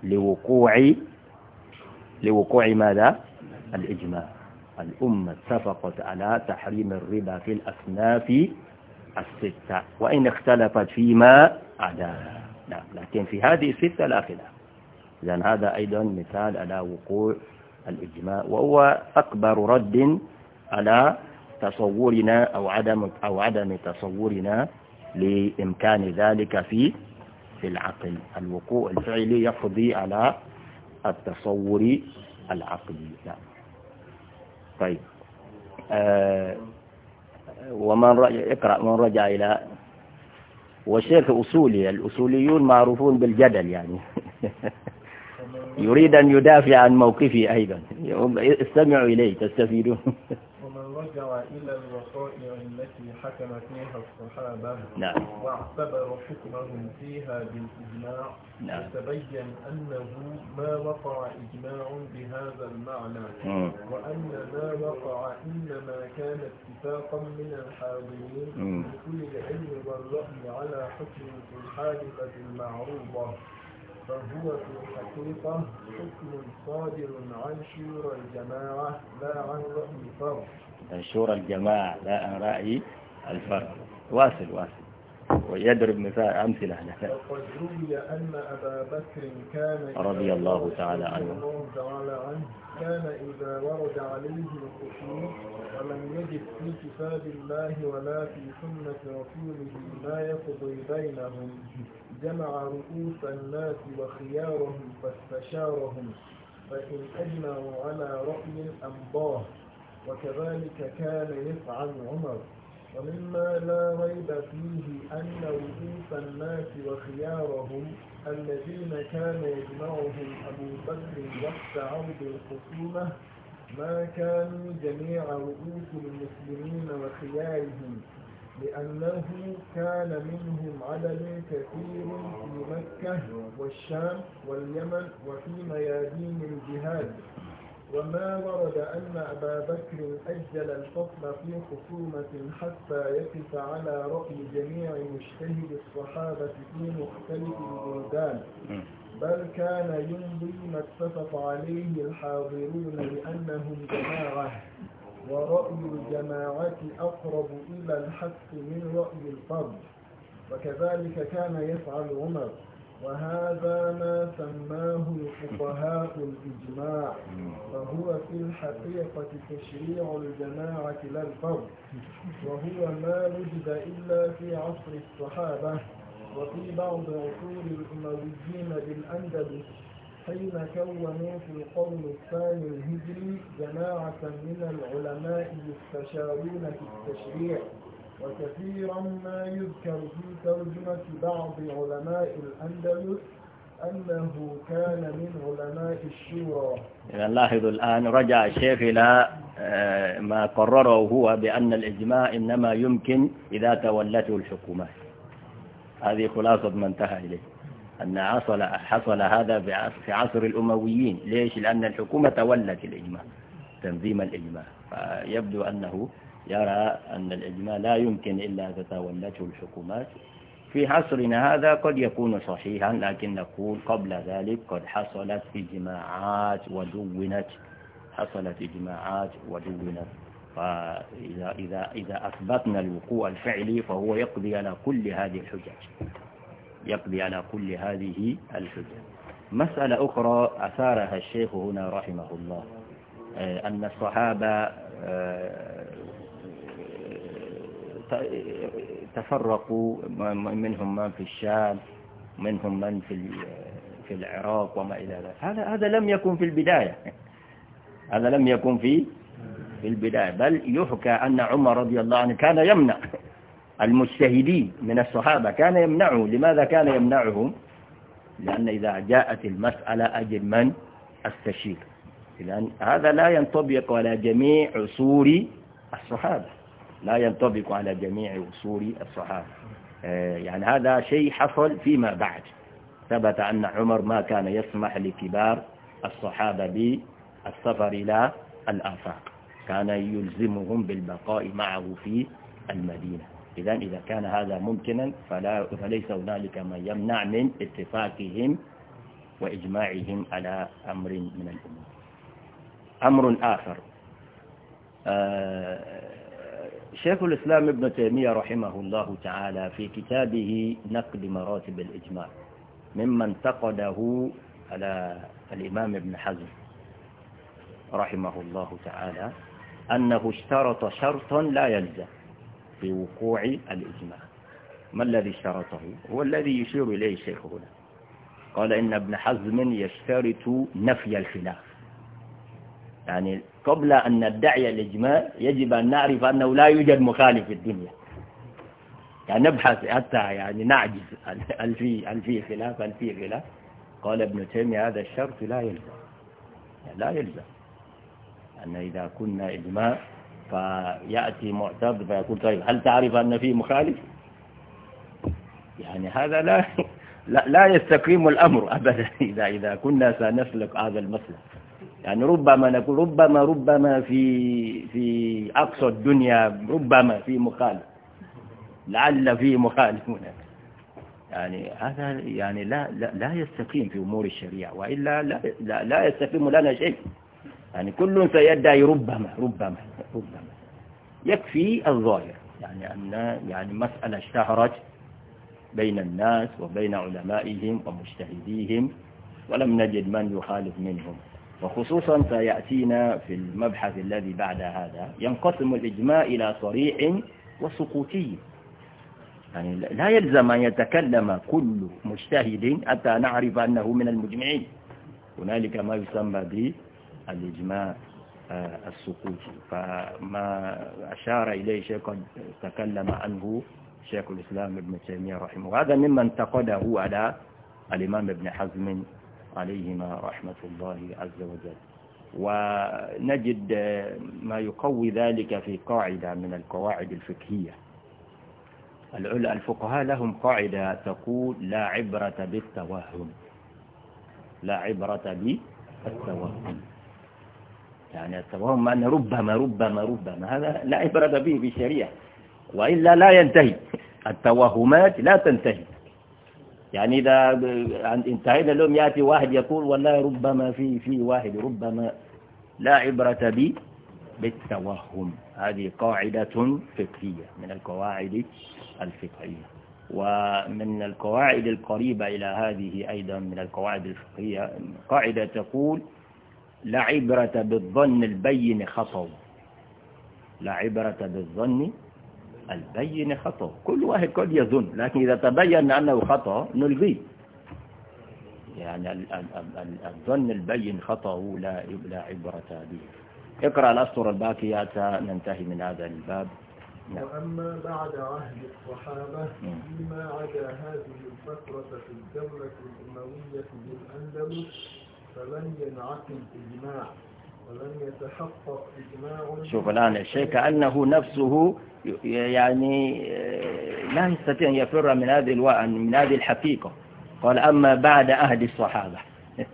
لوقوع لوقوع ماذا الإجماع الأمة اتفقت على تحريم الربا في الأصناف الستة وإن اختلفت فيما عداها نعم لكن في هذه الستة لا خلاف إذا هذا أيضا مثال على وقوع الإجماع وهو أكبر رد على تصورنا أو عدم أو عدم تصورنا لإمكان ذلك في في العقل الوقوع الفعلي يقضي على التصور العقلي نعم طيب آه ومن رجع اقرأ من رجع إلى والشيخ أصولي الأصوليون معروفون بالجدل يعني يريد أن يدافع عن موقفه أيضا استمعوا إليه تستفيدون رجع إلى الوقائع التي حكم فيها الصحابة نعم واعتبر حكمهم فيها بالإجماع نعم تبين أنه ما وقع إجماع بهذا المعنى مم. وأن ما وقع إنما كان اتفاقا من الحاضرين لكل العلم والرأي على حكم في الحادثة المعروضة فهو في الحقيقة حكم صادر عن شيور الجماعة لا عن رأي فرد انشور الجماعة لا عن رأي الفرد واصل واصل ويضرب مثال أمثلة لك وقد روي أن أبا بكر كان رضي الله تعالى عنه كان إذا ورد عليه الخشوع ولم يجد في كتاب الله ولا في سنة رسوله ما يقضي بينهم جمع رؤوس الناس وخيارهم فاستشارهم فإن أجمعوا على رأي أمضاه وكذلك كان يفعل عمر ومما لا ريب فيه أن رؤوس الناس وخيارهم الذين كان يجمعهم أبو بكر وقت عرض الخصومة ما كانوا جميع رؤوس المسلمين وخيارهم لأنه كان منهم عدد كثير في مكة والشام واليمن وفي ميادين الجهاد وما ورد أن أبا بكر أجل الفصل في خصومة حتى يقف على رأي جميع مجتهد الصحابة في مختلف البلدان بل كان يمضي ما اتفق عليه الحاضرون لأنهم جماعة ورأي الجماعة أقرب إلى الحق من رأي الفرد وكذلك كان يفعل عمر وهذا ما سماه الفقهاء الإجماع فهو في الحقيقة تشريع الجماعة لا الفرد وهو ما وجد إلا في عصر الصحابة وفي بعض عصور الأمويين بالأندلس حين كونوا في القرن الثاني الهجري جماعة من العلماء يستشارون في التشريع وكثيرا ما يذكر في ترجمة بعض علماء الأندلس أنه كان من علماء الشورى إذا لاحظوا الآن رجع الشيخ إلى آه، ما قرره هو بأن الإجماع إنما يمكن إذا تولته الحكومات هذه خلاصة ما انتهى إليه أن حصل, حصل هذا في عصر الأمويين ليش؟ لأن الحكومة تولت الإجماع تنظيم الإجماع فيبدو أنه يرى أن الإجماع لا يمكن إلا تتولته الحكومات في عصرنا هذا قد يكون صحيحا لكن نقول قبل ذلك قد حصلت إجماعات ودونت حصلت إجماعات ودونت فإذا إذا إذا أثبتنا الوقوع الفعلي فهو يقضي على كل هذه الحجج يقضي على كل هذه الحجج مسألة أخرى أثارها الشيخ هنا رحمه الله أن الصحابة آه، تفرقوا منهم من في الشام منهم من في في العراق وما إلى ذلك هذا هذا لم يكن في البداية هذا لم يكن في في البداية بل يحكى أن عمر رضي الله عنه كان يمنع المجتهدين من الصحابة كان يمنعه لماذا كان يمنعهم لأن إذا جاءت المسألة أجل من استشير لأن هذا لا ينطبق على جميع عصور الصحابة لا ينطبق على جميع وصول الصحابة آه، يعني هذا شيء حصل فيما بعد ثبت أن عمر ما كان يسمح لكبار الصحابة بالسفر إلى الآفاق كان يلزمهم بالبقاء معه في المدينة إذا إذا كان هذا ممكنا فلا فليس هنالك ما يمنع من اتفاقهم وإجماعهم على أمر من الأمور أمر آخر آه، شيخ الإسلام ابن تيمية رحمه الله تعالى في كتابه نقد مراتب الإجماع مما انتقده على الإمام ابن حزم رحمه الله تعالى أنه اشترط شرطا لا يلزم في وقوع الإجماع ما الذي اشترطه هو الذي يشير إليه الشيخ هنا قال إن ابن حزم يشترط نفي الخلاف يعني قبل أن ندعي الإجماع يجب أن نعرف أنه لا يوجد مخالف في الدنيا يعني نبحث حتى يعني نعجز هل في هل في خلاف هل في خلاف قال ابن تيمية هذا الشرط لا يلزم لا يلزم أن إذا كنا إجماع فيأتي معترض فيقول طيب هل تعرف أن في مخالف يعني هذا لا لا, لا يستقيم الأمر أبدا إذا إذا كنا سنسلك هذا المسلك يعني ربما نقول ربما ربما في في أقصى الدنيا ربما في مخالف لعل في مخالف هناك يعني هذا يعني لا لا, لا يستقيم في أمور الشريعة وإلا لا لا, لا يستقيم لنا شيء يعني كل سيدعي ربما ربما ربما يكفي الظاهر يعني أن يعني مسألة اشتهرت بين الناس وبين علمائهم ومجتهديهم ولم نجد من يخالف منهم وخصوصا سيأتينا في المبحث الذي بعد هذا ينقسم الإجماع إلى صريح وسقوطي يعني لا يلزم أن يتكلم كل مجتهد حتى نعرف أنه من المجمعين هنالك ما يسمى بالإجماع آه، السقوطي فما أشار إليه شيخ تكلم عنه شيخ الإسلام ابن تيمية رحمه هذا مما انتقده على الإمام ابن حزم عليهما رحمة الله عز وجل ونجد ما يقوي ذلك في قاعدة من القواعد الفقهية الفقهاء لهم قاعدة تقول لا عبرة بالتوهم لا عبرة بالتوهم يعني التوهم أن ربما ربما ربما هذا لا عبرة به بشريعة وإلا لا ينتهي التوهمات لا تنتهي يعني إذا انتهينا لهم يأتي واحد يقول والله ربما في في واحد ربما لا عبرة بي بالتوهم هذه قاعدة فقهية من القواعد الفقهية ومن القواعد القريبة إلى هذه أيضا من القواعد الفقهية قاعدة تقول لا عبرة بالظن البين خطأ لا عبرة بالظن البين خطأ كل واحد قد يظن لكن إذا تبين أنه خطأ نلغيه يعني الظن البين خطأه لا لا عبرة به اقرأ الأسطر الباقيات ننتهي من هذا الباب نعم. وأما بعد عهد الصحابة فيما عدا هذه الفترة في الدولة الأموية الاندلس فلن ينعكس إجماع شوف الآن الشيء كأنه نفسه يعني آه، لا يستطيع أن يفر من هذه الو... من هذه الحقيقة قال أما بعد عهد الصحابة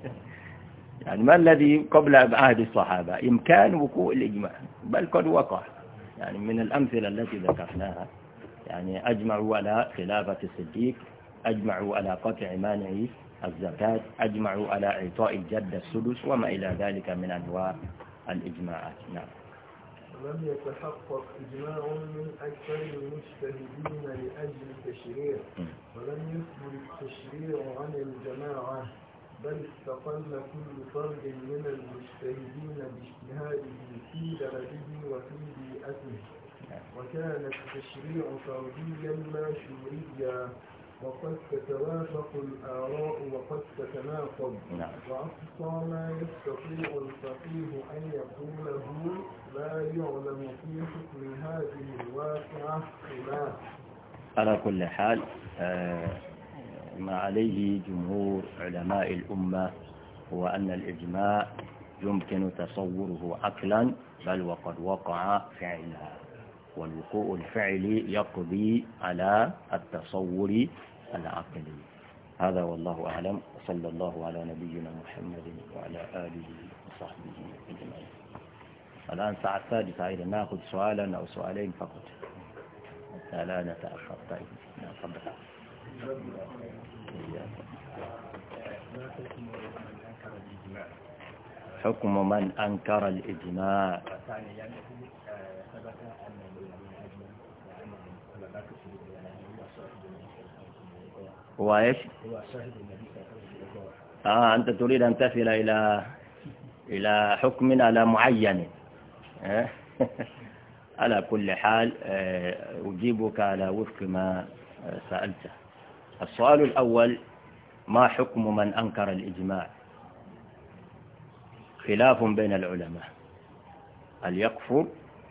يعني ما الذي قبل عهد الصحابة إمكان وقوع الإجماع بل قد وقع يعني من الأمثلة التي ذكرناها يعني أجمعوا على خلافة الصديق أجمعوا على قطع مانعي الزكاة أجمعوا على إعطاء الجد السدس وما إلى ذلك من أنواع الإجماعات نعم لم يتحقق إجماع من أكثر المجتهدين لأجل التشريع ولم يثبت التشريع عن الجماعة بل استقل كل فرد من المجتهدين باجتهاده في درجه وفي بيئته نعم. وكان التشريع فرديا لا شوريا وقد تتوافق الآراء وقد تتناقض نعم. وأقصى ما يستطيع الفقيه أن يقوله لا يعلم في حكم هذه الواقعة خلاف على كل حال آه، ما عليه جمهور علماء الأمة هو أن الإجماع يمكن تصوره عقلا بل وقد وقع فعلا والوقوع الفعلي يقضي على التصور العقلي هذا والله أعلم وصلى الله على نبينا محمد وعلى آله وصحبه أجمعين الآن ساعة الثالثة أيضا نأخذ سؤالا أو سؤالين فقط حتى لا نتأخر طيب تفضل حكم من أنكر الإجماع هو إيش هو النبي صلى الله عليه وسلم آه أنت تريد أن تصل إلى إلى حكم على معين إيه؟ على كل حال آه، أجيبك على وفق ما سألته السؤال الأول ما حكم من أنكر الإجماع خلاف بين العلماء هل يكفر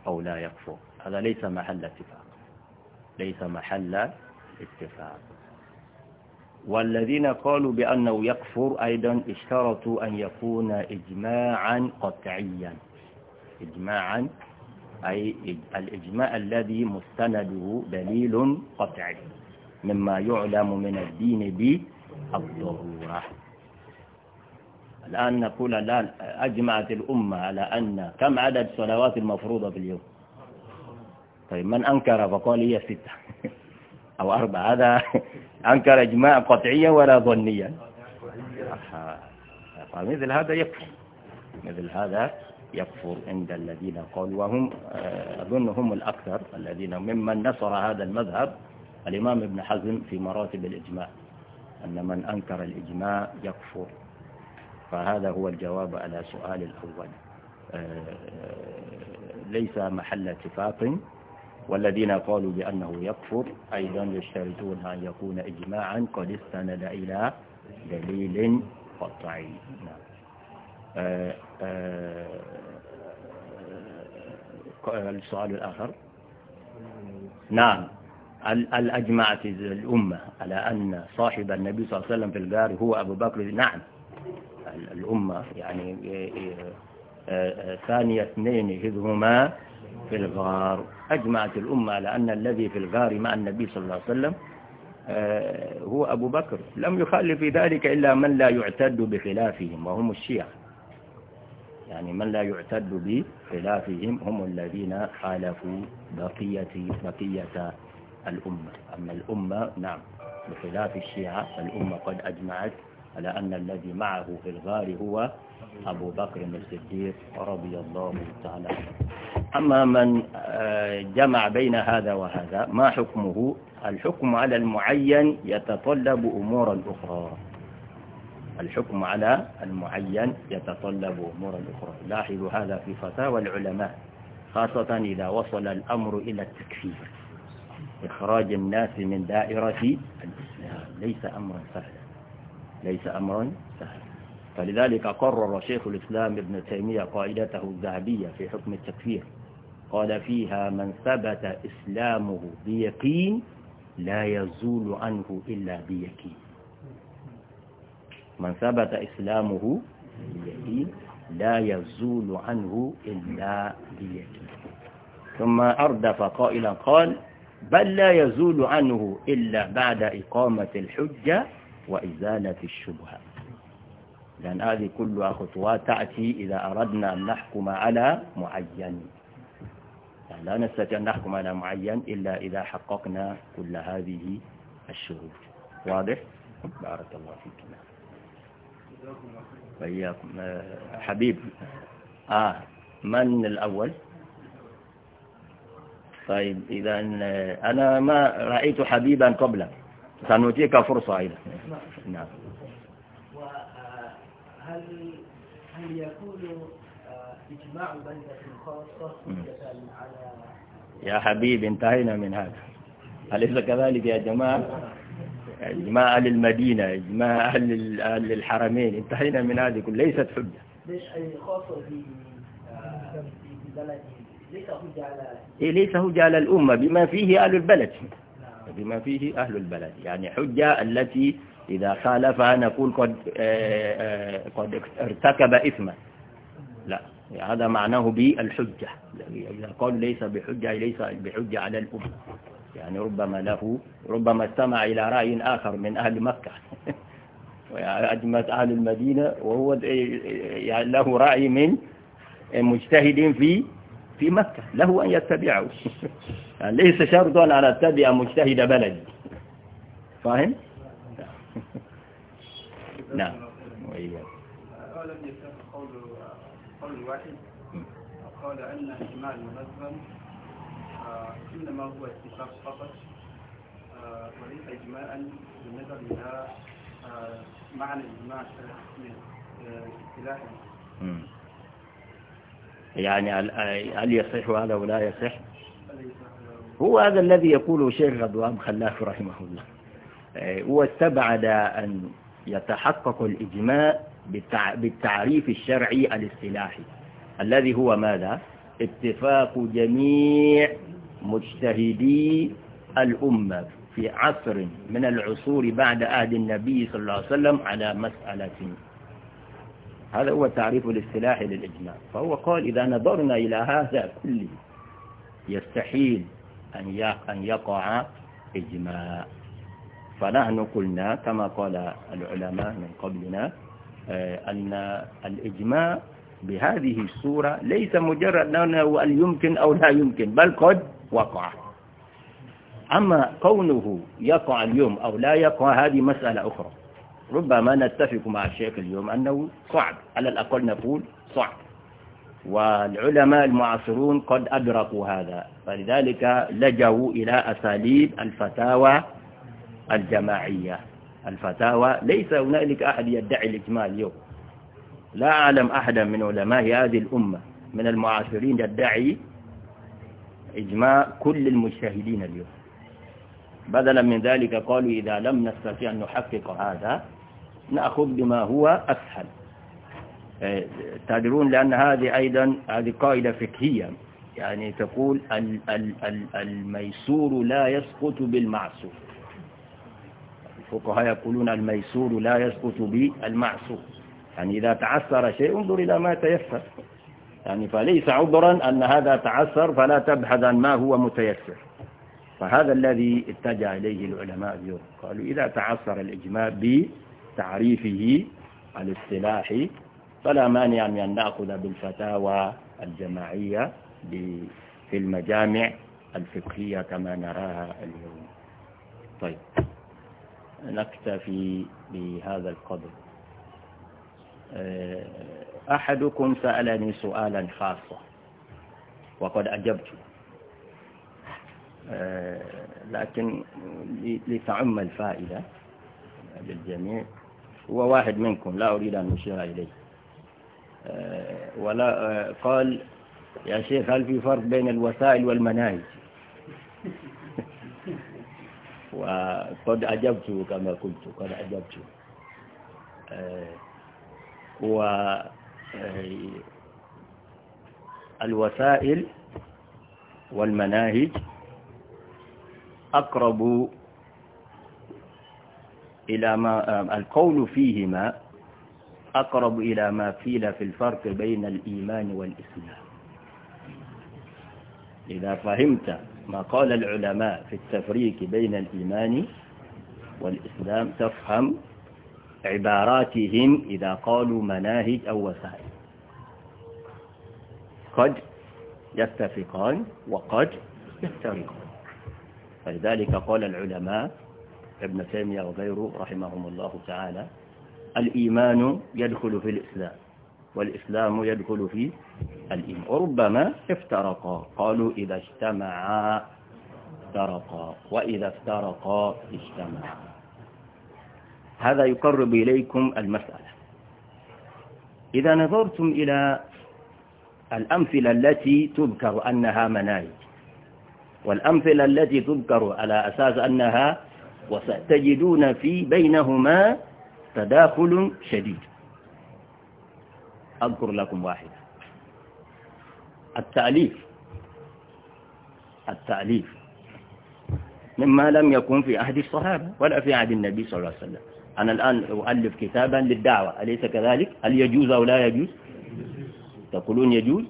أو لا يكفر هذا ليس محل اتفاق ليس محل اتفاق والذين قالوا بأنه يكفر أيضا اشترطوا أن يكون إجماعا قطعيا إجماعا أي الإجماع الذي مستنده دليل قطعي مما يعلم من الدين بالضرورة الآن نقول الآن أجمعت الأمة على أن كم عدد الصلوات المفروضة في اليوم طيب من أنكر فقال هي ستة أو أربعة هذا أنكر إجماع قطعيا ولا ظنيا فمثل هذا يكفر مثل هذا يكفر عند الذين قالوا وهم آه، أظن هم الأكثر الذين ممن نصر هذا المذهب الإمام ابن حزم في مراتب الإجماع أن من أنكر الإجماع يكفر فهذا هو الجواب على سؤال الأول آه، آه، ليس محل اتفاق والذين قالوا بأنه يكفر أيضا يشترطون أن يكون إجماعا قد استند إلى دليل قطعي نعم آه، آه، آه، السؤال الآخر نعم هل أجمعت الأمة على أن صاحب النبي صلى الله عليه وسلم في الجار هو أبو بكر نعم الأمة يعني ثاني اثنين هذهما هما في الغار أجمعت الأمة على أن الذي في الغار مع النبي صلى الله عليه وسلم آه، هو أبو بكر لم يخالف في ذلك إلا من لا يعتد بخلافهم وهم الشيعة يعني من لا يعتد بخلافهم هم الذين خالفوا بقية, بقية الأمة أما الأمة نعم بخلاف الشيعة الأمة قد أجمعت على أن الذي معه في الغار هو أبو بكر الصديق رضي الله تعالى عنه أما من آه، جمع بين هذا وهذا ما حكمه الحكم على المعين يتطلب أمورا أخرى الحكم على المعين يتطلب أمورا أخرى لاحظوا هذا في فتاوى العلماء خاصة إذا وصل الأمر إلى التكفير إخراج الناس من دائرة الإسلام ليس أمرا سهلا ليس أمرا سهلا فلذلك قرر شيخ الإسلام ابن تيمية قاعدته الذهبية في حكم التكفير قال فيها من ثبت إسلامه بيقين لا يزول عنه إلا بيقين من ثبت إسلامه بيقين لا يزول عنه إلا بيقين ثم أردف قائلا قال بل لا يزول عنه إلا بعد إقامة الحجة وإزالة الشبهة لأن هذه كلها خطوات تأتي إذا أردنا أن نحكم على معين يعني لا نستطيع أن نحكم على معين إلا إذا حققنا كل هذه الشروط واضح؟ بارك الله فيك آه، حبيب آه من الأول؟ طيب إذا آه، أنا ما رأيت حبيبا قبلك سنعطيك فرصة أيضا نعم آه، هل هل يقول إجماع بلدة خاصة على يا حبيبي انتهينا من هذا أليس كذلك يا جماعة إجماع أهل المدينة إجماع أهل الحرمين انتهينا من هذه كل ليست حجة ليش خاصة في ليس حجة على إيه، ليس هجة على الأمة بما فيه أهل البلد نعم. بما فيه أهل البلد يعني حجة التي إذا خالفها نقول قد, آه، آه، قد ارتكب إثما يعني هذا معناه بالحجة إذا قال ليس بحجة ليس بحجة على الأمة يعني ربما له ربما استمع إلى رأي آخر من أهل مكة وأجمت أهل المدينة وهو يعني له رأي من مجتهد في في مكة له أن يتبعه يعني ليس شرطا أن أتبع مجتهد بلدي فاهم؟ نعم نعم قال أن آه، إنما هو اتفاق فقط آه، وليس إجماعا بالنظر إلى آه، معنى الإجماع يعني هل يصح هذا ولا يصح هو هذا الذي يقوله شيخ غضوان خلاف رحمه الله هو استبعد أن يتحقق الإجماع بالتعريف الشرعي الاصطلاحي الذي هو ماذا اتفاق جميع مجتهدي الأمة في عصر من العصور بعد عهد النبي صلى الله عليه وسلم على مسألة هذا هو التعريف الاصطلاحي للإجماع فهو قال إذا نظرنا إلى هذا كله يستحيل أن يقع إجماع فنحن قلنا كما قال العلماء من قبلنا آه، أن الإجماع بهذه الصورة ليس مجرد أنه أن يمكن أو لا يمكن بل قد وقع أما كونه يقع اليوم أو لا يقع هذه مسألة أخرى ربما نتفق مع الشيخ اليوم أنه صعب على الأقل نقول صعب والعلماء المعاصرون قد أدركوا هذا فلذلك لجوا إلى أساليب الفتاوى الجماعية الفتاوى ليس هنالك أحد يدعي الإجماع اليوم لا أعلم أحدا من علماء هذه الأمة من المعاصرين يدعي إجماع كل المجتهدين اليوم بدلا من ذلك قالوا إذا لم نستطيع أن نحقق هذا نأخذ بما هو أسهل تدرون لأن هذه أيضا هذه قاعدة فقهية يعني تقول الميسور لا يسقط بالمعسور الفقهاء يقولون الميسور لا يسقط بالمعسور يعني إذا تعسر شيء انظر إلى ما تيسر يعني فليس عذرا أن هذا تعسر فلا تبحث عن ما هو متيسر فهذا الذي اتجه إليه العلماء اليوم قالوا إذا تعسر الإجماع بتعريفه الاصطلاحي فلا مانع من أن نأخذ بالفتاوى الجماعية في المجامع الفقهية كما نراها اليوم طيب نكتفي بهذا القدر آه، أحدكم سألني سؤالا خاصا وقد أجبت آه، لكن لتعم الفائدة للجميع هو واحد منكم لا أريد أن أشير إليه آه، ولا قال يا شيخ هل في فرق بين الوسائل والمناهج قد أجبت كما قلت قد أجبت آه، آه، الوسائل والمناهج أقرب إلى ما آه، القول فيهما أقرب إلى ما قيل في الفرق بين الإيمان والإسلام إذا فهمت ما قال العلماء في التفريق بين الإيمان والإسلام تفهم عباراتهم إذا قالوا مناهج أو وسائل قد يتفقان وقد يفترقان فلذلك قال العلماء ابن تيمية وغيره رحمهم الله تعالى الإيمان يدخل في الإسلام والإسلام يدخل في الإيمان وربما افترقا قالوا إذا اجتمعا افترقا وإذا افترقا اجتمعا هذا يقرب إليكم المسألة إذا نظرتم إلى الأمثلة التي تذكر أنها مناهج والأمثلة التي تذكر على أساس أنها وستجدون في بينهما تداخل شديد أذكر لكم واحدة التأليف التأليف مما لم يكن في عهد الصحابة ولا في عهد النبي صلى الله عليه وسلم أنا الآن أؤلف كتابا للدعوة أليس كذلك؟ هل يجوز أو لا يجوز؟ تقولون يجوز؟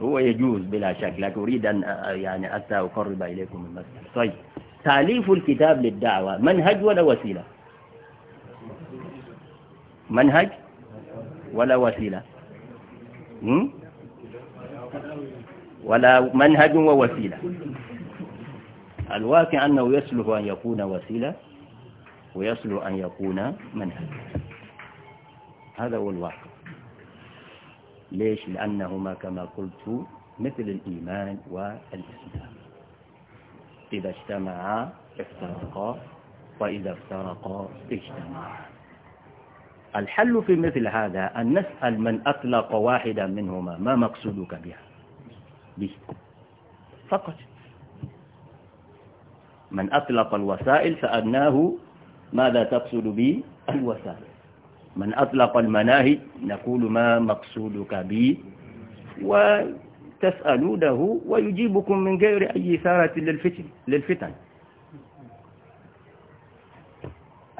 هو يجوز بلا شك لكن أريد أن يعني حتى أقرب إليكم المسألة طيب تأليف الكتاب للدعوة منهج ولا وسيلة؟ منهج ولا وسيلة ولا منهج ووسيلة الواقع أنه يسلح أن يكون وسيلة ويسلح أن يكون منهج هذا هو الواقع ليش لأنهما كما قلت مثل الإيمان والإسلام إذا اجتمعا افترقا وإذا افترقا اجتمعا الحل في مثل هذا أن نسأل من أطلق واحدا منهما ما مقصودك بها به فقط من أطلق الوسائل سألناه ماذا تقصد به الوسائل من أطلق المناهج نقول ما مقصودك به وتسألونه ويجيبكم من غير أي إثارة للفتن, للفتن.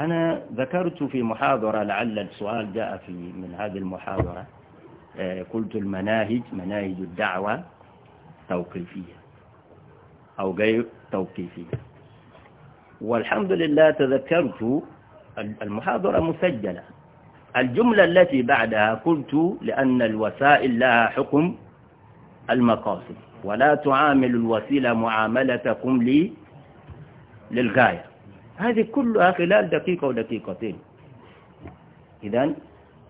أنا ذكرت في محاضرة لعل السؤال جاء في من هذه المحاضرة آه، قلت المناهج مناهج الدعوة توقيفية أو غير توقيفية والحمد لله تذكرت المحاضرة مسجلة الجملة التي بعدها قلت لأن الوسائل لها حكم المقاصد ولا تعامل الوسيلة معاملتكم لي للغاية هذه كلها خلال دقيقة ودقيقتين إذا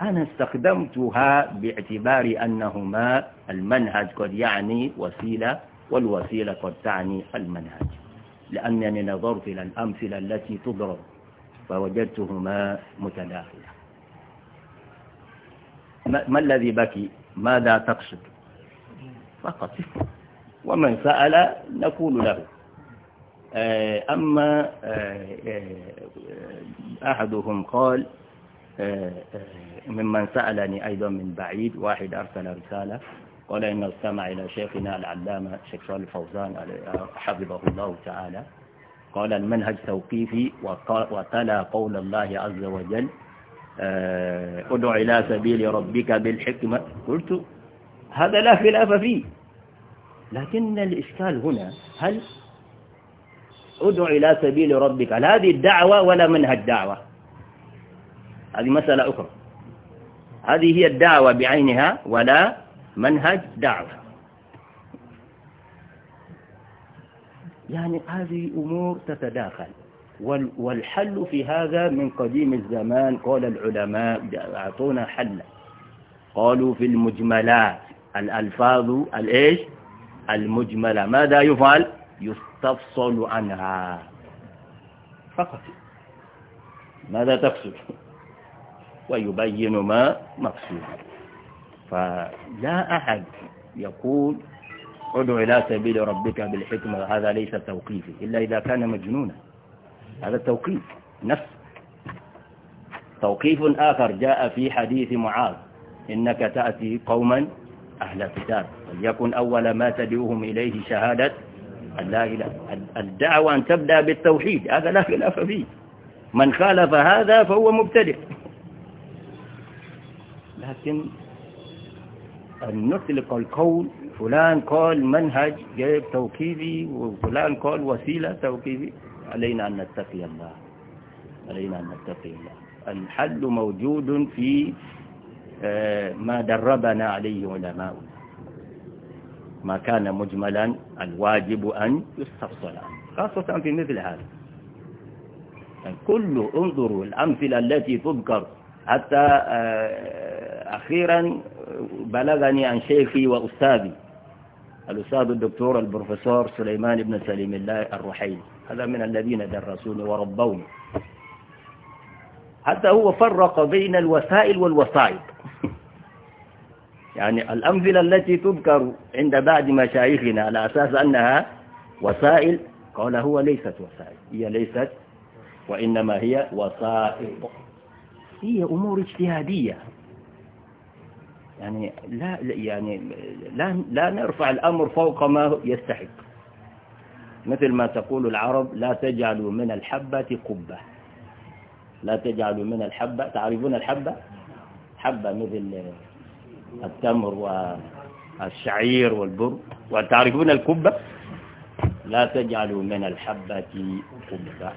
أنا استخدمتها باعتبار أنهما المنهج قد يعني وسيلة والوسيلة قد تعني المنهج لأنني نظرت إلى الأمثلة التي تضرب فوجدتهما متداخلة ما الذي بكي ماذا تقصد فقط ومن سأل نقول له آه، أما آه، آه، أحدهم قال ممن سألني أيضا من بعيد واحد أرسل رسالة قال إن استمع إلى شيخنا العلامة شيخ صالح الفوزان حفظه الله تعالى قال المنهج توقيفي وتلا قول الله عز وجل ادع إلى سبيل ربك بالحكمة قلت هذا لا خلاف فيه لكن الإشكال هنا هل ادع إلى سبيل ربك هل هذه الدعوة ولا منهج دعوة هذه مسألة أخرى هذه هي الدعوة بعينها ولا منهج دعوة يعني هذه أمور تتداخل والحل في هذا من قديم الزمان قال العلماء أعطونا حلا قالوا في المجملات الألفاظ الإيش المجملة ماذا يفعل يستفصل عنها فقط ماذا تقصد ويبين ما مقصود فلا أحد يقول ادعو إلى سبيل ربك بالحكمة هذا ليس توقيفي إلا إذا كان مجنونا هذا التوقيف نفس توقيف آخر جاء في حديث معاذ إنك تأتي قوما أهل كتاب وليكن أول ما تدعوهم إليه شهادة لا إله الدعوة أن تبدأ بالتوحيد هذا لا خلاف فيه من خالف هذا فهو مبتدع لكن أن نطلق القول فلان قال منهج جيب توكيدي وفلان قال وسيلة توكيدي علينا أن نتقي الله علينا أن نتقي الله الحل موجود في آه، ما دربنا عليه علماؤنا ما كان مجملا الواجب أن يستفصل خاصة في مثل هذا يعني كل انظروا الأمثلة التي تذكر حتى آه، أخيرا بلغني عن شيخي وأستاذي الأستاذ الدكتور البروفيسور سليمان بن سليم الله الرحيل هذا من الذين درسوني وربوني حتى هو فرق بين الوسائل والوسائط يعني الأمثلة التي تذكر عند بعض مشايخنا على أساس أنها وسائل قال هو ليست وسائل هي ليست وإنما هي وسائل هي أمور اجتهادية يعني لا يعني لا لا نرفع الأمر فوق ما يستحق مثل ما تقول العرب لا تجعلوا من الحبة قبة لا تجعلوا من الحبة تعرفون الحبة حبة مثل التمر والشعير والبر وتعرفون الكبة لا تجعلوا من الحبة كبة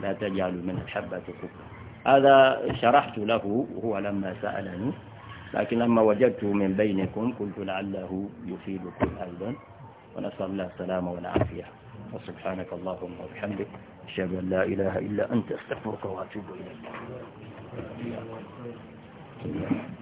لا تجعلوا من الحبة كبة هذا شرحت له هو لما سألني لكن لما وجدته من بينكم قلت لعله يفيدكم أيضا ونسأل الله السلامة والعافية وسبحانك اللهم وبحمدك أشهد أن لا إله إلا أنت أستغفرك وأتوب إليك